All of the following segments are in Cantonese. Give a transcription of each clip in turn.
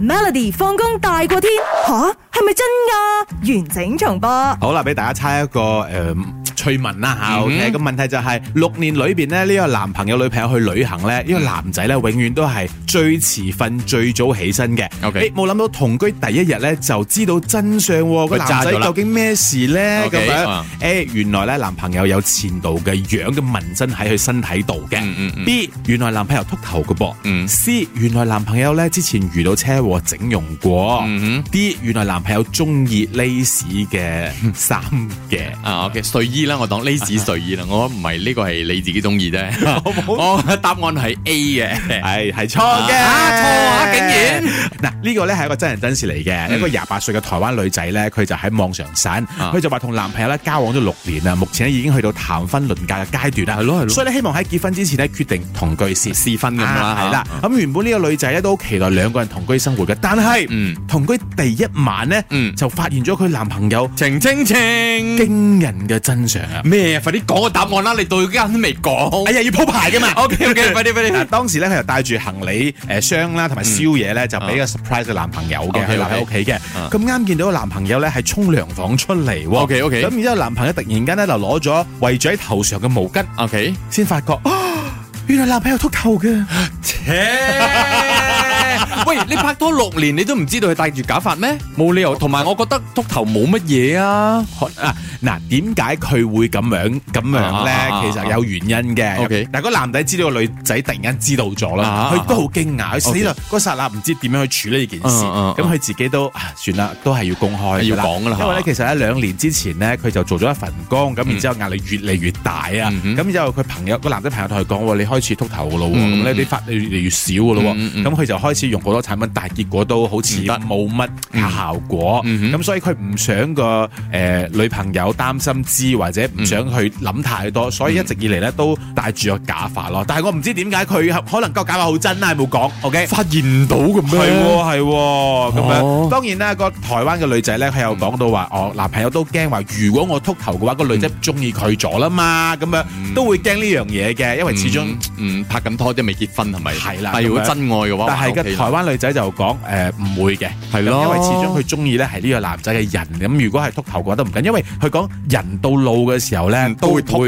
Melody 放工大過天，吓？係咪真㗎？完整重播！好啦，俾大家猜一個誒。呃去問啦 OK 咁問題就係六年裏邊咧，呢個男朋友女朋友去旅行咧，呢個男仔咧永遠都係最遲瞓、最早起身嘅。OK，誒冇諗到同居第一日咧，就知道真相，個男仔究竟咩事咧？咁樣誒，原來咧男朋友有前度嘅樣嘅紋身喺佢身體度嘅。B 原來男朋友禿頭嘅噃。C 原來男朋友咧之前遇到車禍整容過。D 原來男朋友中意 lace 嘅衫嘅啊，OK 睡衣啦。我當呢是睡意啦，我唔係呢個係你自己中意啫。答案係 A 嘅，係係錯嘅。錯啊！竟然嗱呢個咧係一個真人真事嚟嘅，一個廿八歲嘅台灣女仔咧，佢就喺網上散，佢就話同男朋友咧交往咗六年啦，目前已經去到談婚論嫁嘅階段啦。係咯係咯。所以咧希望喺結婚之前呢，決定同居試婚咁樣係啦。咁原本呢個女仔咧都好期待兩個人同居生活嘅，但係同居第一晚咧就發現咗佢男朋友情情情驚人嘅真相。咩？快啲講個答案啦！你到依家都未講。哎呀，要鋪排㗎嘛。OK，OK，快啲，快啲。嗱，當時咧佢又帶住行李誒箱啦，同埋宵夜咧就俾個 surprise 嘅男朋友嘅，佢留喺屋企嘅。咁啱見到個男朋友咧係沖涼房出嚟。OK，OK。咁然之後男朋友突然間咧就攞咗圍住喺頭上嘅毛巾，OK，先發覺啊，原來男朋友禿頭嘅。切！喂，你拍拖六年，你都唔知道佢戴住假發咩？冇理由，同埋我覺得禿頭冇乜嘢啊。啊，嗱，點解佢會咁樣咁樣咧？其實有原因嘅。但係個男仔知道個女仔突然間知道咗啦，佢都好驚訝，佢死啦！嗰剎那唔知點樣去處理呢件事。咁佢自己都算啦，都係要公開要講噶啦。因為咧，其實喺兩年之前咧，佢就做咗一份工，咁然之後壓力越嚟越大啊。咁之後佢朋友個男仔朋友同佢講：話你開始禿頭噶咯，咁咧啲發越嚟越少噶咯。咁佢就開始用。好多產品，但係結果都好似冇乜效果，咁、嗯嗯嗯、所以佢唔想個誒、呃、女朋友擔心知，或者唔想去諗太多，嗯、所以一直以嚟咧都戴住個假髮咯。但係我唔知點解佢可能個假髮好真啊，冇講。O、okay? K，發現唔到嘅咩？係喎、哦，咁、哦哦、樣。當然啦，個台灣嘅女仔咧，佢又講到話，哦、嗯，我男朋友都驚話，如果我禿頭嘅話，個女仔中意佢咗啦嘛，咁樣都會驚呢樣嘢嘅，因為始終嗯，嗯拍緊拖都未結婚係咪？係啦。但係如果真愛嘅話，但係台灣。班女仔就講，呃，唔會嘅，係嘍，因為始終佢鍾意呢，係呢個男仔嘅人，咁如果係禿頭嘅話都唔緊，因為佢講人到老嘅時候呢，都會禿。.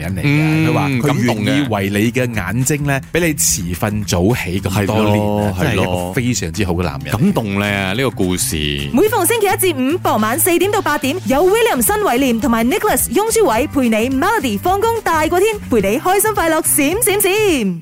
人嚟嘅，佢話佢感動嘅，願意，為你嘅眼睛咧，俾你遲瞓早起咁多年，係的一個非常之好嘅男人。感動咧呢、這個故事。每逢星期一至五傍晚四點到八點，有 William 新偉廉同埋 Nicholas 雍舒偉陪你 Melody 放工大過天，陪你開心快樂閃閃閃。閃閃閃